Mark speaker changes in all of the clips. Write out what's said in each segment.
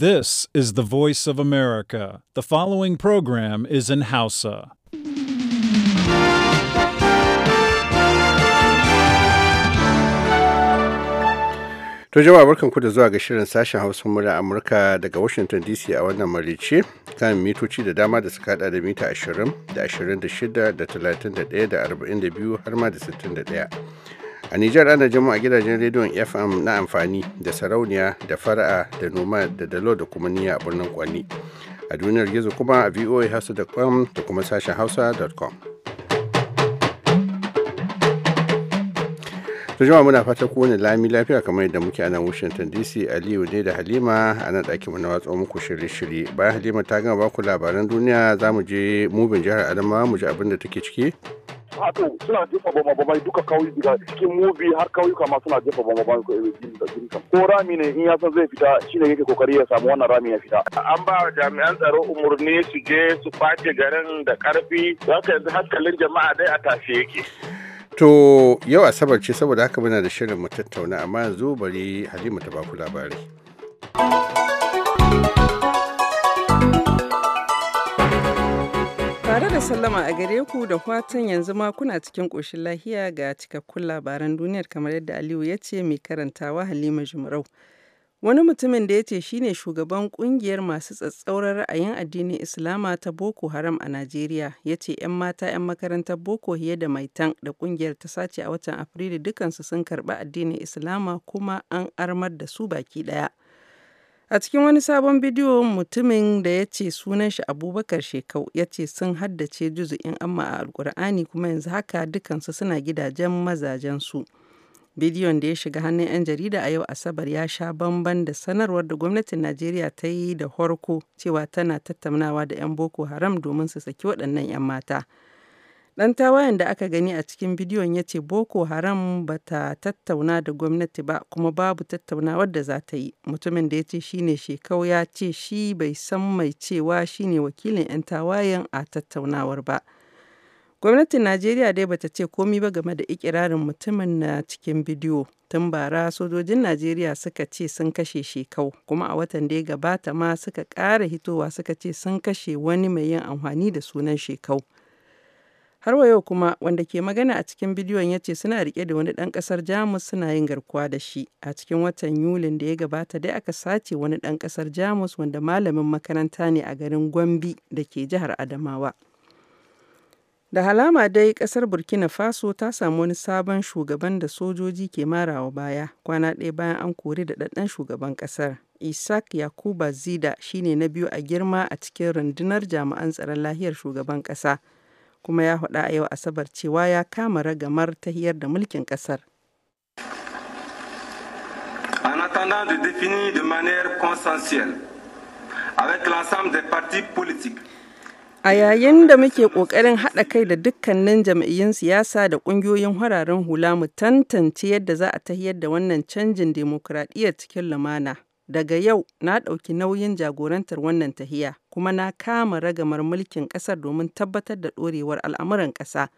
Speaker 1: This is the voice of America. The following program is in Hausa. To
Speaker 2: jama'a barkanku da zuwa ga shirin sashen Hausa murya Amurka daga Washington DC a wannan marice kan mitoci da dama da suka hada da mita 20 da 26 da 31 da 42 har ma da 61. a Nijar ana jama'a a gidajen rediyon FM na amfani da sarauniya da fara'a da noma da dalo da kuma niyya a birnin Kwani. A duniyar gizo kuma a voahausa.com da kuma sashen hausa.com. to jama'a muna fata kowane lami lafiya kamar yadda muke a washington dc aliyu ne da halima a nan ɗakin mu na watsa muku shirye-shirye bayan halima ta gama baku labaran duniya za mu je mubin jihar adamawa mu ji abin da take ciki
Speaker 3: wato suna jefa bomba bomba duka kawai daga cikin mubi har kauyuka ma suna jefa bomba bomba da jinka ko rami ne in ya san zai fita shine yake kokari ya samu wannan rami ya fita an ba jami'an tsaro umarni su je su face garin da karfi ka yanzu hankalin jama'a dai a tashe yake
Speaker 2: To yau Asabar ce saboda haka muna da shirin mu tattauna amma yanzu bari Halima ta baku labari.
Speaker 4: sallama a gare ku da fatan yanzu ma kuna cikin ƙoshin lahiya ga cikakkun labaran duniyar kamar yadda Aliyu ya ce mai karantawa Halima Jumarau. Wani mutumin da ya ce shine shugaban kungiyar masu tsatsauran ra'ayin addinin Islama ta Boko Haram a Najeriya ya ce 'yan mata 'yan makarantar Boko hiya da Maitan da kungiyar ta sace a watan Afrilu dukansu sun karɓi addinin Islama kuma an armar da su baki ɗaya. A cikin wani sabon bidiyo mutumin da ya ce sunan shi Abubakar Shekau ya ce sun haddace juzu'in amma a Alkur'ani kuma yanzu haka dukansu suna gidajen mazajensu. Bidiyon da ya shiga hannun 'yan jarida a yau Asabar ya sha bamban da sanarwar da gwamnatin Najeriya ta yi da horko cewa tana tattaunawa da 'yan Boko Haram domin su saki waɗannan 'yan mata. Ɗan tawayen da aka gani a cikin bidiyon ya ce Boko Haram ba ta tattauna da gwamnati ba kuma babu tattaunawar da za ta yi. Mutumin da ya ce shi ne Shekau ya ce shi bai san mai cewa shi ne wakilin 'yan tawayen a tattaunawar ba. Gwamnatin Najeriya dai bata ce komi ba game da ikirarin mutumin na cikin bidiyo. Tun bara sojojin Najeriya suka ce sun kashe shekau kuma a watan da ya gabata ma suka ƙara hitowa suka ce sun kashe wani mai yin amfani da sunan shekau. Har wa yau kuma, wanda ke magana a cikin bidiyon ya ce suna rike da wani ɗan ƙasar Jamus suna yin garkuwa da shi. A cikin watan Yulin da ya gabata dai aka sace wani ɗan ƙasar Jamus wanda malamin makaranta ne a garin Gombe da ke jihar Adamawa. Da halama dai kasar Burkina Faso ta samu wani sabon shugaban da sojoji ke marawa baya kwana ɗaya bayan an kori da ɗaɗɗan shugaban kasar. Isaac Yakuba Zida shine na biyu a girma a cikin rundunar jami'an tsaron lahiyar shugaban ƙasa. kuma ya faɗa a yau Asabar cewa ya kama ragamar tahiyar da mulkin ƙasar.
Speaker 3: En attendant de définir de manière consensuelle avec l'ensemble des partis politiques
Speaker 4: A yayin da muke ƙoƙarin haɗa kai da dukkanin jam'iyyun siyasa da ƙungiyoyin hararen hula mu tantance yadda za a tahiyar da wannan canjin demokuraɗiyyar cikin lumana. Daga yau na ɗauki nauyin jagorantar wannan tahiya. kuma na kama ragamar mulkin ƙasar domin tabbatar da ɗorewar al'amuran ƙasa.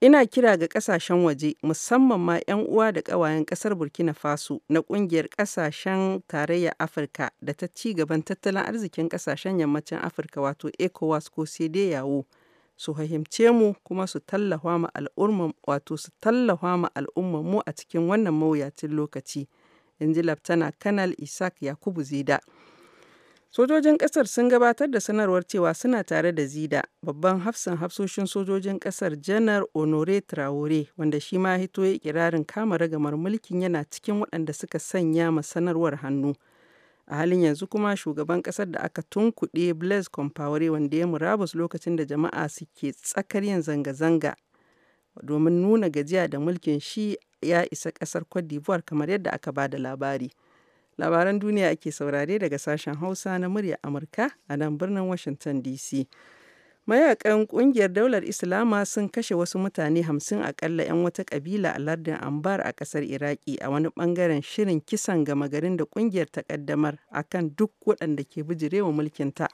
Speaker 4: Ina kira ga ƙasashen waje musamman ma 'yan uwa da ƙawayen ƙasar Burkina Faso na ƙungiyar ƙasashen tarayyar Afirka da ta ci gaban tattalin arzikin ƙasashen yammacin Afirka wato ECOWAS ko yawo su fahimce mu kuma su tallafa ma al'umman wato su tallafa ma al'umma mu a cikin wannan mawuyacin lokaci. In ji Laftana Kanal Isaac Yakubu Zida. Sojojin ƙasar sun gabatar da sanarwar cewa suna tare da Zida, babban hafsan hafsoshin sojojin ƙasar Janar Honore Traore, wanda shi ma hito ya kirarin kama ragamar mulkin yana cikin waɗanda suka sanya ma sanarwar hannu. A halin yanzu kuma shugaban ƙasar da aka tunkuɗe Blaise Compaoré wanda ya murabus lokacin da jama'a suke tsakar yin zanga-zanga domin nuna gajiya da mulkin shi ya isa ƙasar Cote d'Ivoire kamar yadda aka ba da labari. Labaran duniya ake saurare daga sashen Hausa na murya Amurka a nan birnin Washington DC. Mayakan kungiyar daular Islama sun kashe wasu mutane hamsin akalla 'yan wata kabila a lardin Ambar a kasar Iraki a wani bangaren shirin kisan gama garin da kungiyar ta kaddamar akan duk waɗanda ke bijirewa mulkinta.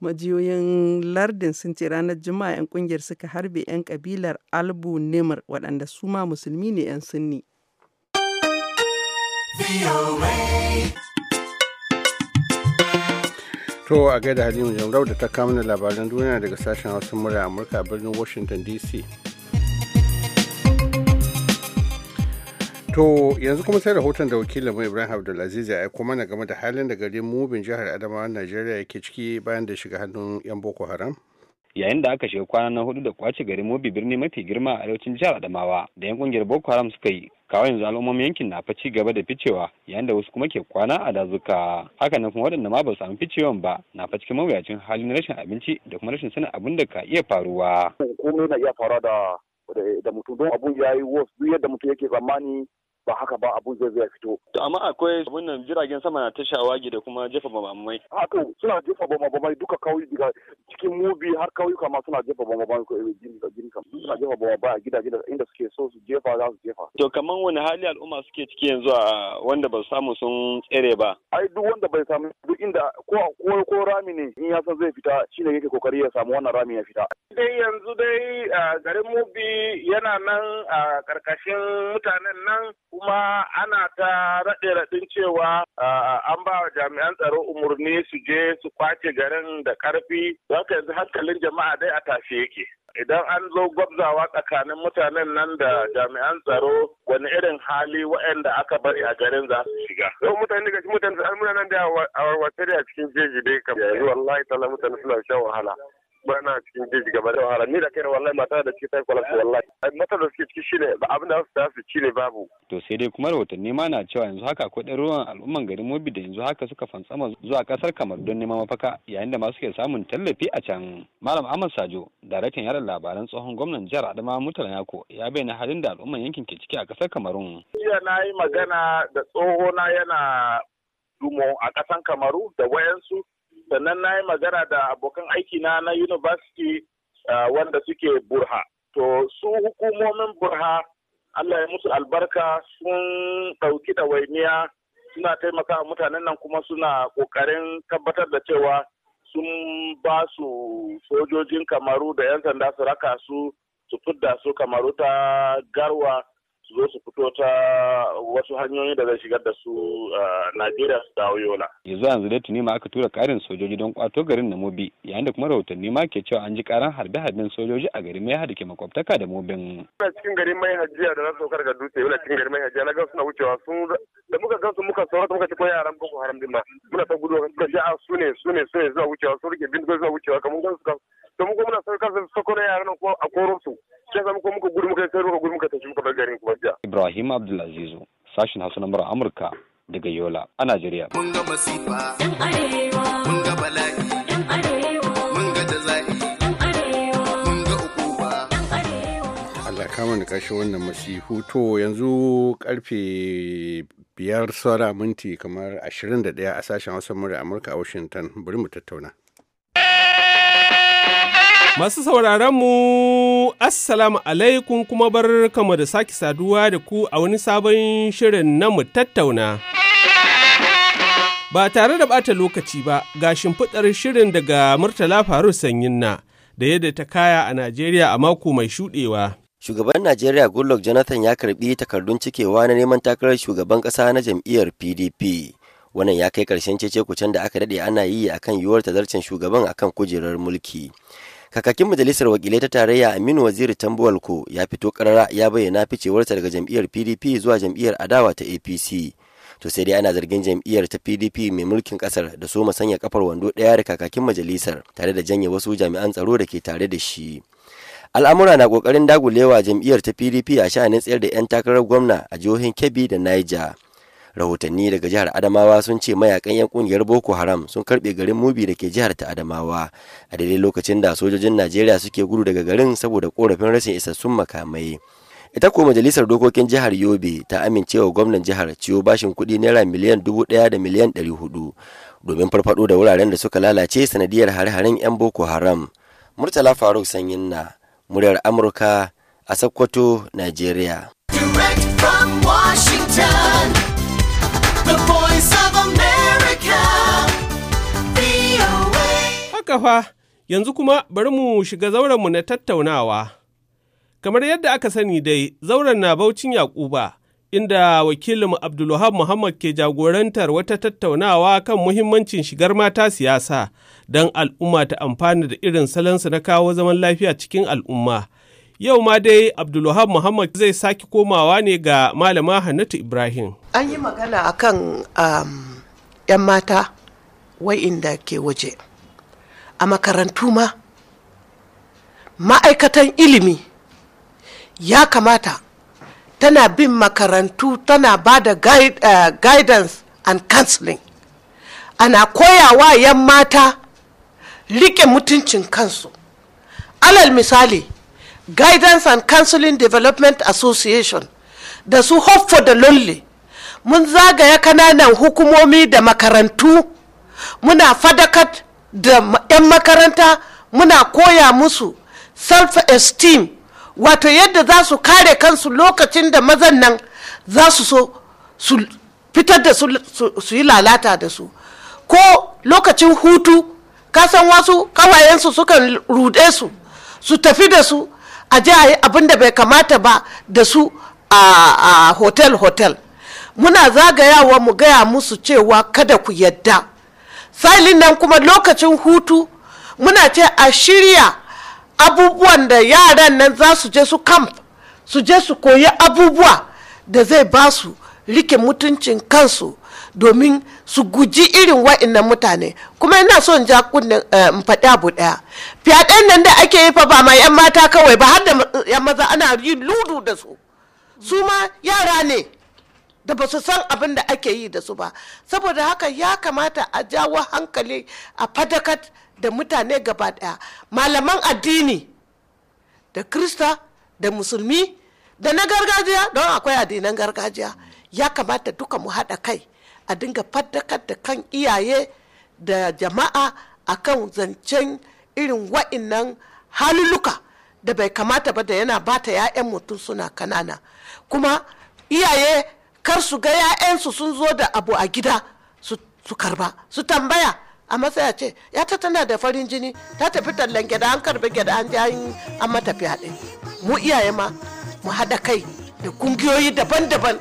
Speaker 4: Majiyoyin lardin sun ce ranar Juma'a 'yan kungiyar suka harbe 'yan kabilar Albu Nimr waɗanda su ma musulmi ne 'yan sunni.
Speaker 5: To a
Speaker 2: gaida Halima Jamrau da ta kama da labaran duniya daga sashen Hausa mura Amurka a birnin Washington DC. To yanzu kuma sai rahoton da wakilin mu Ibrahim Abdulaziz ya aiko mana game da halin da garin Mubin jihar Adamawa Najeriya yake ciki bayan da shiga hannun 'yan Boko Haram. yayin da aka
Speaker 6: shiga kwana na hudu da kwace garin mobi birni mafi girma a arewacin jihar adamawa da yan kungiyar boko haram suka yi kawo yanzu al'ummomin yankin na fa ci gaba da ficewa yayin da wasu kuma ke kwana a dazuka haka nan kuma waɗanda ma ba su samu ficewan ba na fa cikin mawuyacin halin rashin abinci da kuma rashin sanin abin da ka iya faruwa
Speaker 3: komai na iya faruwa da da mutum don abun ya yi wasu yadda mutum yake
Speaker 6: tsammani ba haka ba abun zai zai fito. To amma akwai wannan jiragen sama na ta shawagi da kuma jefa bamamai.
Speaker 3: A to suna jefa bamamai duka kauyi daga cikin mubi har kauyuka ma suna jefa bamamai ko jirgin suna jefa bamamai a gidaje da inda suke so su jefa za su jefa.
Speaker 6: To kamar wani hali al'umma suke ciki yanzu a wanda ba su samu sun tsere ba.
Speaker 3: Ai duk wanda bai samu duk inda ko ko ko rami ne in ya san zai fita shine yake kokari ya samu wannan rami ya fita. Dai yanzu dai garin mubi yana nan a karkashin mutanen nan kuma ana ta raɗe raɗin cewa an ba wa jami'an tsaro umarni su je su kwace garin da ƙarfi don yanzu hankalin jama'a dai a tashe yake idan an zo gwabzawa tsakanin mutanen nan da jami'an tsaro wani irin hali waɗanda aka bari a garin za su shiga. Yau mutane daga mutane an muna nan da a warwatsari a cikin jeji dai kamar Yanzu wallahi tala mutane suna shan wahala. muna cikin jeji gaba da wahala ni da kai wallahi mata da ciki sai kwalafi wallahi mata da suke ciki shine ba abin da za su ci ne babu
Speaker 6: to sai dai kuma rahoton ma na cewa yanzu haka akwai ɗaruruwan al'umman garin Mobi da yanzu haka suka fantsama zuwa kasar Kamar don neman mafaka yayin da masu ke samun tallafi a can Malam Ahmad Sajo daraktan yaran labaran tsohon gwamnan jihar Adamawa Murtala Yako ya bayyana halin da al'umman yankin ke ciki a kasar Kamarun
Speaker 3: jiya na yi magana da tsohona yana dumo a kasan Kamaru da wayansu sannan na yi magana da abokan aiki na na university wanda suke burha to su hukumomin burha Allah ya musu albarka sun ɗauki ɗawainiya suna taimaka mutanen nan kuma suna ƙoƙarin tabbatar da cewa sun ba su sojojin kamaru da 'yan sanda su raka su su fidda su kamaru ta garwa su zo su fito ta wasu hanyoyi da zai shigar da su Najeriya su dawo Yola.
Speaker 6: Yanzu yanzu da tuni ma aka tura karin sojoji don kwato garin na Mobi yayin da kuma rahotanni ma ke cewa an ji karan harbe-harben sojoji a garin mai da ke makwabtaka da Mobin.
Speaker 3: Ina cikin garin mai jiya da na saukar ga dutse ina cikin garin mai jiya na ga suna wucewa sun da muka gan su muka saurata muka ci ko yaran Boko Haram din ma muna ta gudu muka ji a ah, su ne su ne su ne suna wucewa sun rike bindigo zuwa wucewa kamar gansu kan da mun kuma muna saukar da sokoro yaran ko a koro su. kin samu ko muka gudu muka kai muka gudu muka tafi muka bar garin kuma jiya
Speaker 6: Ibrahim Abdulazizu sashin Hausa na mura Amurka daga Yola a Najeriya
Speaker 5: mun ga masifa yan arewa mun ga bala'i yan arewa mun ga jazai yan arewa mun ga ukuba yan arewa
Speaker 2: Allah kama ni kashin wannan masifu to yanzu karfe biyar saura minti kamar 21 a sashen Hausa mura Amurka a Washington bari mu tattauna Masu sauraron
Speaker 7: mu Assalamu alaikum kuma bar kama da sake saduwa da ku a wani sabon shirin na mu tattauna. Ba tare da bata lokaci ba ga shimfiɗar shirin daga Murtala Faru na da yadda ta kaya a Najeriya a mako mai shuɗewa.
Speaker 8: Shugaban Najeriya Goodluck Jonathan ya karɓi takardun cikewa na neman takarar shugaban ƙasa na jam'iyyar PDP. Wannan ya kai ƙarshen cece-kucen da aka daɗe ana yi akan yiwuwar tazarcen shugaban akan kujerar mulki. Kakakin Majalisar Wakilai ta Tarayya Aminu Waziri Tambuwalko ya fito karara ya bayyana ficewarsa daga jam'iyyar PDP zuwa jam'iyyar adawa ta APC. To sai dai ana zargin jam'iyyar ta PDP mai mulkin kasar da su sanya kafar wando ɗaya da kakakin majalisar tare da janye wasu jami'an tsaro da ke tare da shi. Al'amura na kokarin dagulewa jam'iyyar ta PDP a sha'anin tsayar da 'yan takarar gwamna a jihohin Kebbi da Niger. rahotanni daga jihar adamawa sun ce mayakan yan kungiyar boko haram sun karbe garin mubi da ke jihar ta adamawa a daidai lokacin da sojojin najeriya suke gudu daga garin saboda korafin rashin isassun makamai ita ko majalisar dokokin jihar yobe ta amincewa gwamnan jihar ciwo bashin kuɗi naira miliyan dubu ɗaya da miliyan ɗari hudu domin farfado da wuraren da suka lalace sanadiyar hare-haren 'yan boko haram murtala faruk sanyin na muryar amurka a sokoto nigeria
Speaker 5: washington
Speaker 7: Haka fa, yanzu kuma bari mu shiga zaurenmu na tattaunawa. Kamar yadda aka sani dai, zauren na Baucin Yakuba, inda wakilin Abdulwahab Muhammad ke jagorantar wata tattaunawa kan muhimmancin shigar mata siyasa don al'umma ta amfana da irin salansu na kawo zaman lafiya cikin al'umma Yau ma dai Abdulwahab Muhammad zai saki komawa ne ga malama Hannatu Ibrahim.
Speaker 1: An yi magana akan um, 'yan mata wai wa'inda ke waje. A makarantu ma, ma'aikatan ilimi ya kamata tana bin makarantu tana ba da guide, uh, guidance and counseling. Ana koyawa 'yan mata rike mutuncin kansu. Alal misali, guidance and counseling development association da su hope for the lonely mun zagaya kananan hukumomi da makarantu muna fadakat da 'yan makaranta muna koya musu self-esteem wato yadda za su kare kansu lokacin da mazan nan za su so su fitar da su, su yi lalata da su ko lokacin hutu kasan wasu kawayensu sukan rude su su tafi da su a ji a yi abin da bai kamata ba da su a hotel hotel muna zagayawa mu gaya musu cewa kada ku yadda sa'ilin nan kuma lokacin hutu muna ce a shirya abubuwan da yaran nan za su je su camp su je su koyi abubuwa da zai ba su rike mutuncin kansu domin su guji irin wa'innan mutane kuma ina son ja kunnen eh, in faɗi abu ɗaya fyaɗen nan da ake yi fa ba ma 'yan mata kawai ba har da 'yan eh, maza ana yin ludu da su su ma yara ne da ba su san abin da ake yi da su ba saboda haka ya kamata a jawo hankali a fadakat da mutane gaba ɗaya malaman addini da krista da musulmi da na gargajiya don akwai addinan gargajiya ya kamata duka mu haɗa kai a dinga faddakar da kan iyaye da jama'a akan zancen irin wa'innan haluluka da bai kamata ba da yana bata 'ya'yan mutum suna kanana kuma iyaye kar su ga 'ya'yansu sun zo da abu a gida su karba su tambaya a matsaya ce ya ta tana da farin jini ta tafi tallan gyada an karbi gyada an jayin an matafi haɗe mu iyaye ma mu haɗa kai da kungiyoyi daban-daban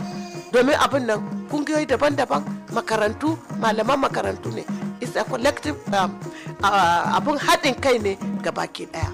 Speaker 1: domin abin nan kungiyoyi daban-daban makarantu malaman makarantu ne is a collective um, uh, abun haɗin kai ne ga baki ɗaya.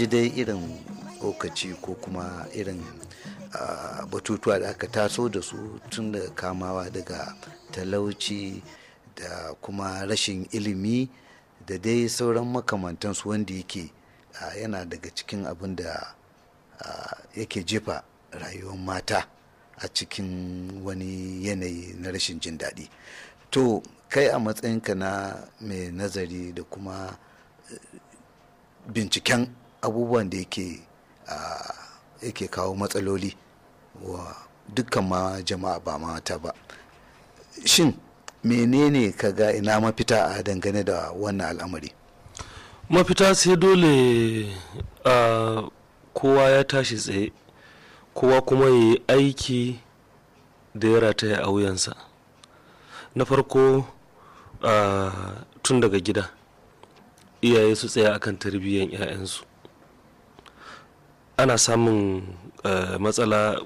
Speaker 1: ji dai irin lokaci ko kuma irin batutuwa da aka taso da su tun da kamawa daga talauci da kuma rashin ilimi da dai sauran makamantansu wanda yake yana daga cikin abin da yake jefa rayuwar mata a cikin wani yanayi na rashin jin daɗi to kai a matsayinka na mai nazari da kuma eh, binciken abubuwan da yake kawo matsaloli wa dukkan ma jama'a ba mata ba shin menene ka ga ina mafita a dangane da wannan al'amari
Speaker 9: mafita sai dole kowa ya tashi tsaye kowa kuma ya yi aiki da ya rataya a wuyansa na farko tun daga gida iyaye su tsaya akan tarbiyyar 'ya'yansu ana samun eh, matsala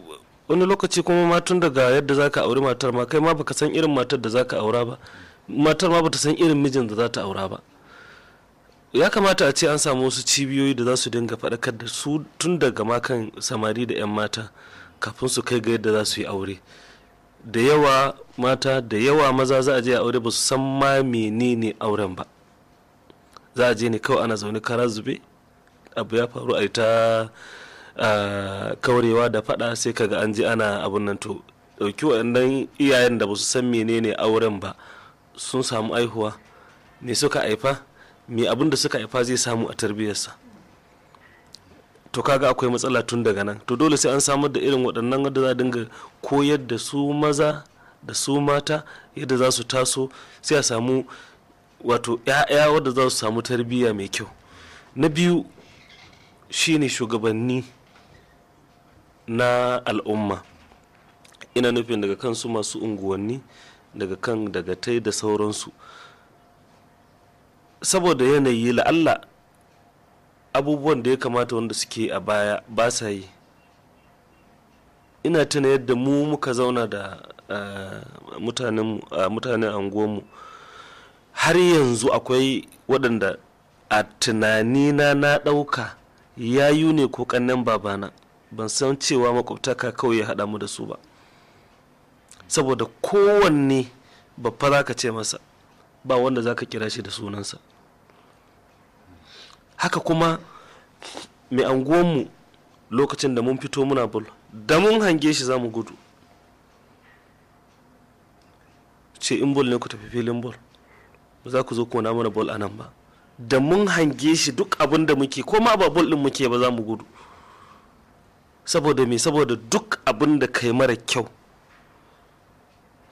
Speaker 9: wani lokaci kuma matun daga yadda za ka auri matar ma kai ma ka san irin matar da za ka aura ba matar ma ba ta san irin mijin da za ta aura ba ya kamata a ce an samu wasu cibiyoyi da za su dinga faɗakar da su tun daga makan samari da 'yan mata kafin su kai ga yadda za su yi aure da yawa mata da yawa maza za a je aure ba su san ma menene auren ba za a je ne kawai ana zaune kara zube abu ya faru a ita kaurewa da faɗa sai kaga an ji ana abun nan to ɗauki waɗannan iyayen da ba su san menene auren ba sun samu aihuwa me suka haifa me abin da suka haifa zai samu a tarbiyyarsa to kaga akwai matsala tun daga nan to dole sai an samar da irin waɗannan wanda za dinga koyar da su maza da su mata yadda za su taso sai a samu wato 'ya'ya wadda za su samu tarbiyya mai kyau na biyu shine shugabanni na al'umma ina nufin daga kansu masu unguwanni daga kan daga tai da sauransu saboda yanayi la'alla abubuwan da ya kamata wanda suke a baya ba sa yi ina tuna yadda mu muka zauna da uh, mutanen uh, anguwanmu har yanzu akwai waɗanda a tunanina na ɗauka yayu ne ko ƙannen babana ban san cewa makwabtaka kawai ya haɗa mu da su ba saboda kowanne babba za ka ce masa ba wanda za ka kira shi da sunansa haka kuma mai anguwanmu lokacin da mun fito muna bul da mun hange shi za mu gudu ce in bol ne ku tafi filin bol ba za ku zo kona mana bol a nan ba da mun hange shi duk abin da muke ko ma ba bol din muke ba za mu gudu saboda me saboda duk abin da kai mara kyau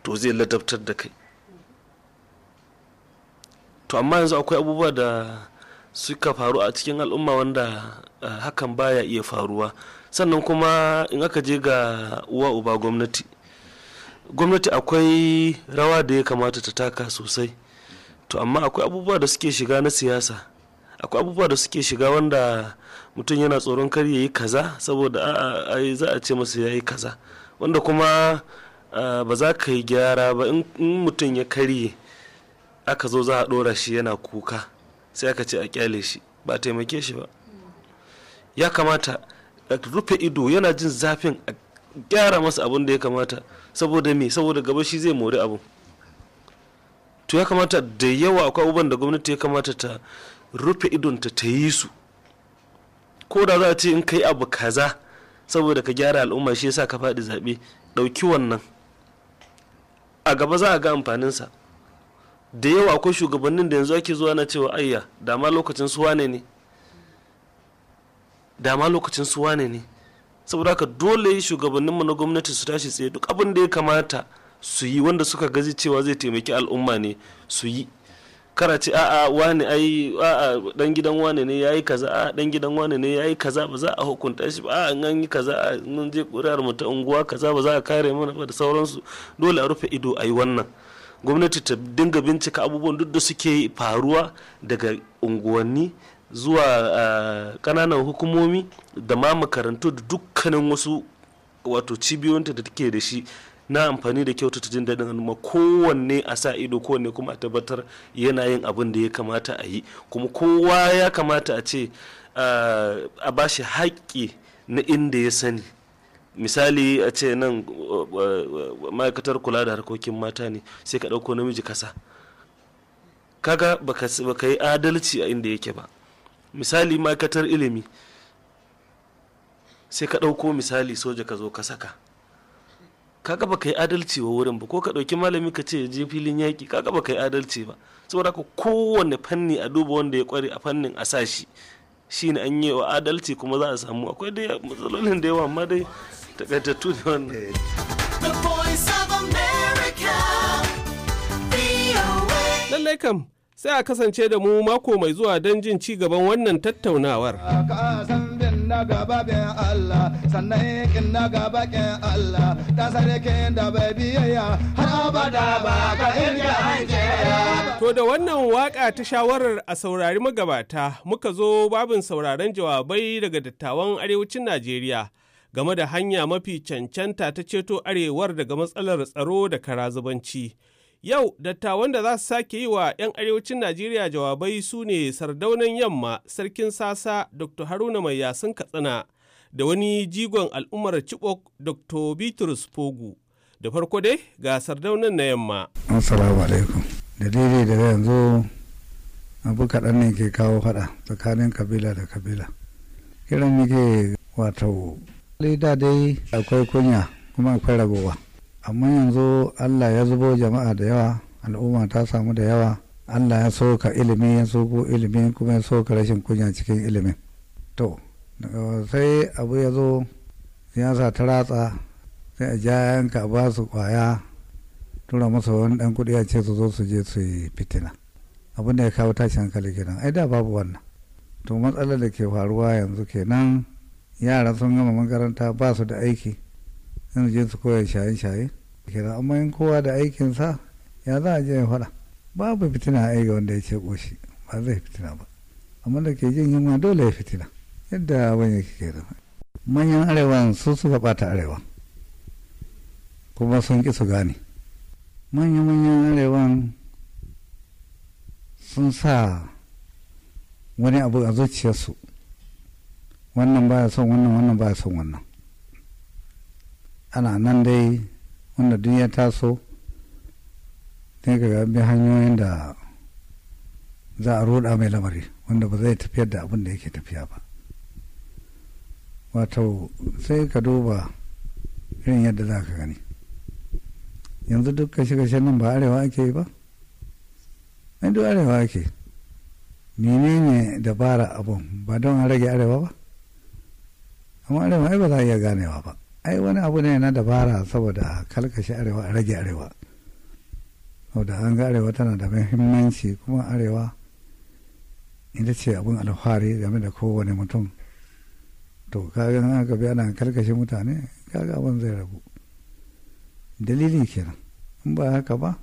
Speaker 9: to zai ladabtar da kai to amma yanzu akwai abubuwa da suka faru a cikin al'umma wanda hakan baya iya faruwa sannan kuma in aka je ga uwa uba gwamnati gwamnati akwai rawa da ya kamata ta taka sosai to amma akwai abubuwa da suke shiga na siyasa akwai abubuwa da suke shiga wanda mutum yana tsoron kar ya yi kaza saboda a za a ce masa ya yi kaza wanda kuma ba za ka yi gyara ba in mutum ya karye aka zo za a ɗora shi yana kuka sai aka ce a kyale shi ba taimake shi ba ya kamata a rufe ido yana jin zafin a gyara masa abin da ya kamata saboda me saboda gaba shi zai mori abu to ya kamata da yawa akwai abubuwan da gwamnati ya kamata ta rufe idonta ta yi su ko da za a ce in kai abu kaza saboda ka gyara al'umma shi yasa ka faɗi zaɓe ɗauki wannan a gaba za a ga amfaninsa da yawa akwai shugabannin da yanzu ake zuwa na cewa ayya dama lokacin su wane ne dama lokacin su wane ne saboda haka dole shugabanninmu na gwamnati su tashi tsaye duk abin da ya kamata su yi wanda suka gazi cewa zai taimaki al'umma ne su yi karace a wani ai a'a dan gidan wani ne yayi kaza a dan gidan wani ne yayi kaza ba za a hukunta shi ba a an yi kaza a mun je kuri'ar mu ta unguwa kaza ba za a kare mu ba da sauransu dole a rufe ido a wannan gwamnati ta dinga bincika abubuwan duk da suke faruwa daga unguwanni zuwa kananan hukumomi da ma makarantu da dukkanin wasu wato cibiyoyinta da take da shi na amfani da kyautata jin daɗin al'umma kowanne a sa ido kowanne kuma a tabbatar yana yin abin da ya kamata a yi kuma kowa ya kamata a ce ah, a ba shi haƙƙi na inda ya sani misali a ce nan ma'aikatar kula da harkokin mata ne sai ka ɗauko namiji kasa kaga baka yi adalci a inda yake ba misali ma'aikatar ilimi sai ka ɗauko misali soja ka zo ka saka kaga baka yi adalci wa wurin ba ko ka ɗauki malami ka ce je filin yaƙi kaga baka yi adalci ba saboda ka kowane fanni a duba wanda ya kware a fannin a sashi shine an yi wa adalci kuma za a samu akwai dai matsalolin da yawa amma dai takaitattu ne wannan eh. lallai kam sai a kasance da
Speaker 7: mu mako mai zuwa don jin ci gaban wannan tattaunawar.
Speaker 1: Allah sannan yakin na gaba kin Allah ta sarkin da bai biyayya har abada ba ka
Speaker 7: To da wannan waƙa ta shawarar a saurari magabata muka zo babin sauraron jawabai daga dattawan arewacin Najeriya game da hanya mafi cancanta ta ceto arewar daga matsalar tsaro da karazubanci. Yau dattawan da za su sake yi wa 'yan arewacin Najeriya jawabai su ne sardaunan yamma sarkin sasa Dr. Haruna Mai Yasin Katsina da wani jigon al'ummar Chibok Dr. Bitrus Fogu. Da farko dai ga sardaunan na yamma.
Speaker 10: Assalamu alaikum. Da daidai da yanzu abu kaɗan ne ke kawo faɗa tsakanin kabila da kabila. Kiran muke wato. dai akwai kunya kuma akwai ragowa. amma yanzu allah ya zubo jama'a da yawa al'umma ta samu da yawa allah ya sauka ilimi ya ku ilimi kuma ya ka rashin kunya cikin ilimin to sai abu ya zo siyasa ta ratsa sai a ja yanka ba su kwaya tura masa wani dan kudi a ce su zo su je su yi fitina abin da ya kawo tashi hankali kenan ai da babu wannan to matsalar da ke faruwa yanzu kenan yara sun gama makaranta ba su da aiki yan je su koya shaye-shaye kira amma in kowa da aikinsa ya za a je ya faɗa babu fitina a ga wanda ya ce ƙoshi ba zai fitina ba amma da ke jin yunwa dole ya fitina yadda abin ya ke da manyan arewa su suka bata arewa kuma sun ƙi su gane manya-manyan arewan sun sa wani abu a zuciyarsu wannan baya son wannan wannan baya son wannan ana nan dai wanda duk ya taso sai ga bi hanyoyin da za a roda mai lamari wanda ba zai tafiyar da abin da yake tafiya ba wato sai ka duba irin yadda za ka gani yanzu duk kashe shiga nan ba arewa ake yi ba ai duk arewa ake menene dabara abun ba don a rage arewa ba amma arewa ai ba za a iya ganewa ba ai wani abu ne na dabara saboda kalkashi arewa a rage arewa saboda an ga arewa tana da muhimmanci kuma arewa ita ce abin alfahari game da kowane mutum to kaga an aka bi ana karkashe mutane kaga abin zai ragu dalili kenan in ba haka ba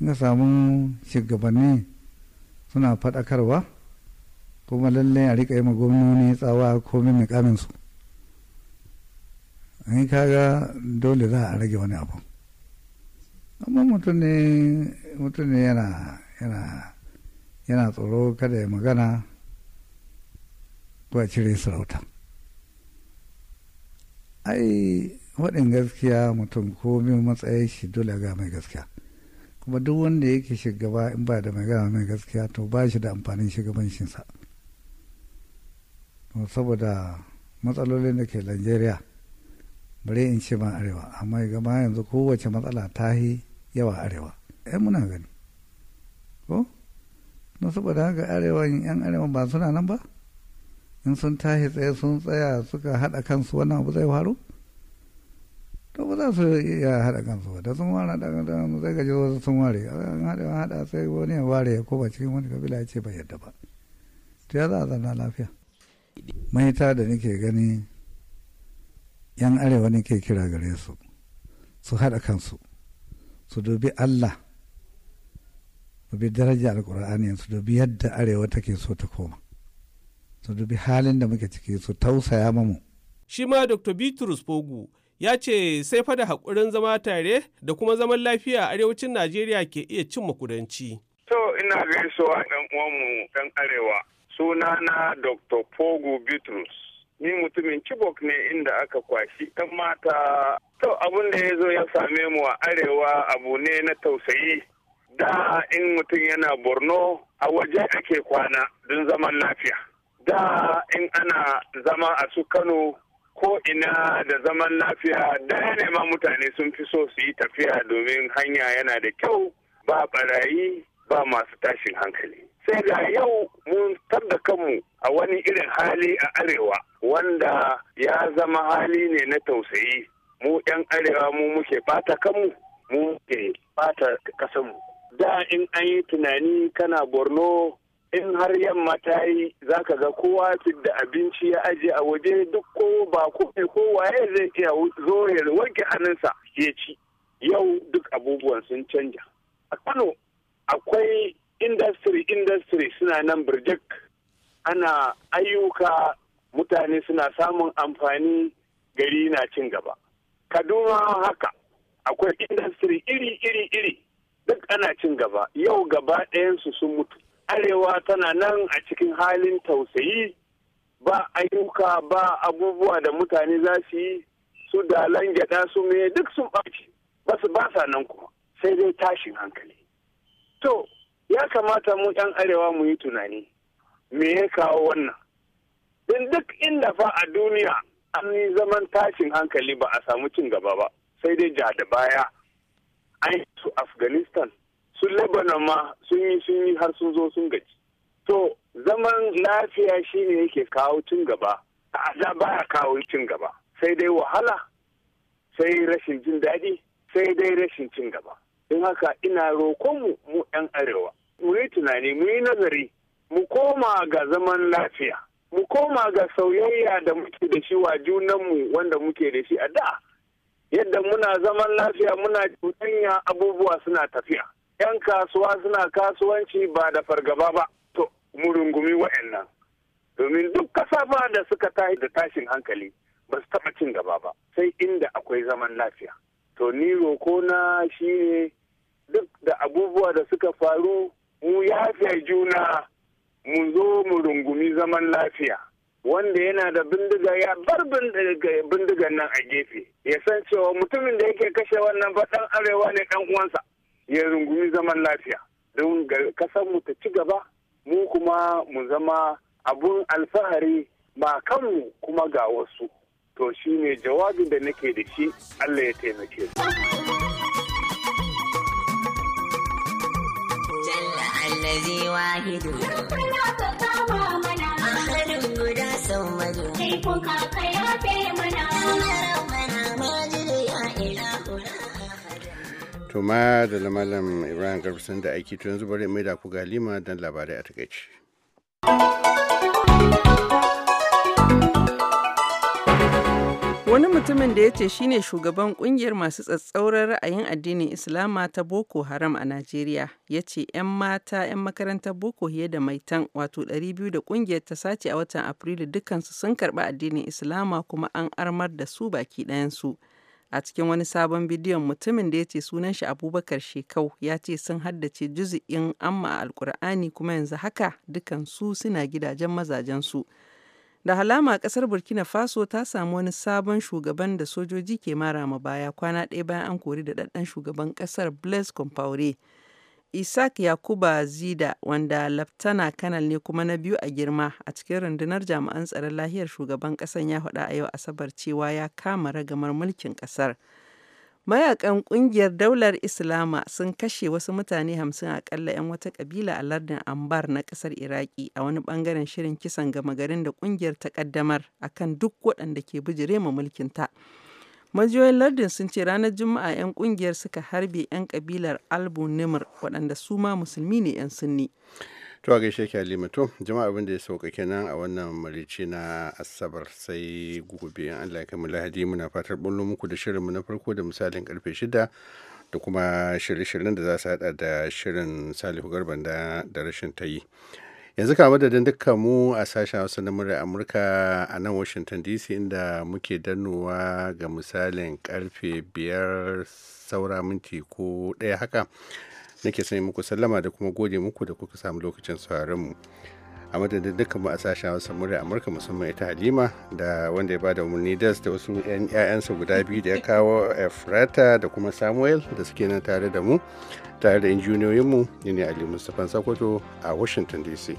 Speaker 10: in samu shugabanni suna faɗakarwa kuma lallai a riƙa yi ma gwamnoni tsawa komin su in kaga dole za a rage wani abu amma mutum ne yana yana yana tsoro kada ya magana ko a cire sarauta ai waɗin gaskiya mutum komin matsayin shi dole ga mai gaskiya kuma duk wanda yake shugaba in ba da mai magana mai gaskiya to ba shi da amfanin shugabancinsa saboda matsalolin da ke Najeriya. bare in ce ma arewa amma ga ma yanzu kowace matsala ta yi yawa arewa ai muna gani ko na saboda haka arewa yan arewa ba suna nan ba in sun tashi tsaye sun tsaya suka haɗa kansu wannan abu zai faru to ba za su iya haɗa kansu ba da sun ware haɗa kansu zai gaji wasu sun ware an haɗa haɗa sai wani ya ware ko ba cikin wani kabila ya ce ba yadda ba to ya za a zanna lafiya ta da nake gani 'yan arewa ne ke kira gare su su haɗa kansu su dubi allah bi daraja alkur'ani su dubi yadda arewa take so ta koma su dubi halin da muke ciki su tausaya mamu
Speaker 7: shi ma dr bitrus fogu ya ce sai fada haƙurin zama tare da kuma zaman lafiya arewacin najeriya ke iya cin kudanci
Speaker 3: to ina gaisuwa ɗan uwanmu ɗan arewa suna na dr fogu bitrus ni mutumin Chibok ne inda aka kwashi ɗan mata. To abin da ya zo ya same mu a arewa abu ne na tausayi. Da in mutum yana Borno a waje ake kwana don zaman lafiya. Da in ana zama a su Kano ko ina da zaman lafiya da ya ma mutane sun fi so su yi tafiya domin hanya yana da kyau ba barayi ba masu tashin hankali. Sai da yau mun tar da kanmu a wani irin hali a arewa wanda ya zama hali ne na tausayi mu 'yan arewa mu muke bata kanmu mu muke bata kasanmu da in an yi tunani kana borno in har yamma ta yi za ka ga kowa da abinci ya aje a waje duk ko ba ko waye zai iya zo ya wanke hannunsa ya ci yau duk abubuwan sun canja a kano akwai industry industry suna nan birjik ana ayyuka mutane suna samun amfani gari na cin gaba kaduna haka akwai industry iri iri iri duk ana cin gaba yau gaba ɗayansu sun mutu arewa tana nan a cikin halin tausayi ba ayyuka ba abubuwa da mutane za su yi su dalan gyaɗa su me duk sun ɓaci ba su ba sa nan kuma sai dai tashin hankali to ya kamata mu 'yan arewa mu yi tunani me ya kawo wannan din duk inda fa a duniya an yi zaman tashin hankali ba a samu cin gaba ba sai dai ja da baya an su afghanistan su lebanon ma sun yi sun yi har sun zo sun gaji to zaman lafiya shine yake kawo cin gaba da baya kawo cin gaba sai dai wahala sai rashin jin daɗi sai dai rashin cin gaba In haka ina roƙonmu mu 'yan arewa mu yi tunani mu yi nazari mu koma ga zaman lafiya mu koma ga sauyayya da muke da shi wa junanmu wanda muke da shi a da yadda muna zaman lafiya muna cutanya abubuwa suna tafiya yan kasuwa suna kasuwanci ba da fargaba ba to mu rungumi wa'annan domin duk kasa ba da suka tashi da tashin hankali ba su taɓa cin gaba ba sai inda akwai zaman lafiya to ni roko na shi ne duk da abubuwa da suka faru mu yafe juna mu zo mu rungumi zaman lafiya wanda yana da bindiga ya bar bindigan nan a gefe ya san cewa mutumin da yake kashe wannan ba arewa ne ɗan uwansa ya rungumi zaman lafiya don kasar mu ta ci gaba mu kuma mu zama abun alfahari ba kanmu kuma ga wasu to shine jawabin da nake da shi Allah ya taimake mu.
Speaker 5: allazi mana
Speaker 2: guda mana da malam ibrahim garbisan da aiki to yanzu bari mai da ku galima don labarai a takaici.
Speaker 4: Wani mutumin da ya ce shine shugaban kungiyar masu tsatsauran ra'ayin addinin Islama ta Boko Haram a Najeriya ya ce 'yan mata 'yan makarantar Boko hiyar da maitan wato 200 da kungiyar ta sace a watan Afrilu dukansu sun karɓi addinin Islama kuma an armar da su baki ɗayansu. A cikin wani sabon bidiyon mutumin da ya ce sunan shi Abubakar Shekau ya ce sun haddace juzi'in amma a Alkur'ani kuma yanzu haka dukansu suna gidajen mazajensu. su. Da halama kasar Burkina Faso ta samu wani sabon shugaban da sojoji ke mara ma baya kwana ɗaya bayan an kori da daɗaɗɗen shugaban kasar Blaise Compaoré. Isaac Yakuba Zida wanda laftana kanal ne kuma na biyu a girma a cikin rundunar jami'an tsaron lahiyar shugaban ƙasar ya faɗa a yau Asabar cewa ya kama ragamar mulkin kasar. Mayakan kungiyar Daular Islama sun kashe wasu mutane 50 akalla 'yan wata kabila a lardin ambar na kasar Iraki a wani bangaren shirin kisan gama garin da kungiyar ta kaddamar a kan duk waɗanda ke bijire ma mulkinta. Majiyoyin lardin sun ce ranar Juma'a 'yan kungiyar suka harbe 'yan kabilar Albu Nimr waɗanda su ma musulmi ne 'yan sunni. to a
Speaker 2: gaishe ke halima to jama'a abin da ya sauka kenan a wannan marici na asabar sai gobe in allah ya kama lahadi muna fatar bullo muku da shirinmu na farko da misalin karfe shida da kuma shirye-shiryen da za su hada da shirin salihu garban da rashin ta yi yanzu ka madadin dukkan mu a sashen hausa na murar amurka a nan washington dc inda muke danowa ga misalin karfe biyar saura minti ko ɗaya haka nake sanya muku sallama da kuma gode muku da kuka samu lokacin sauraron mu a madadin dukkan mu a sashen hausa murya amurka musamman ita halima da wanda ya bada umarni das da wasu ƴan 'ya'yansa guda biyu da ya kawo efrata da kuma samuel da suke nan tare da mu tare da injiniyoyin injiniyoyinmu ne ali mustafan sokoto a washington
Speaker 8: dc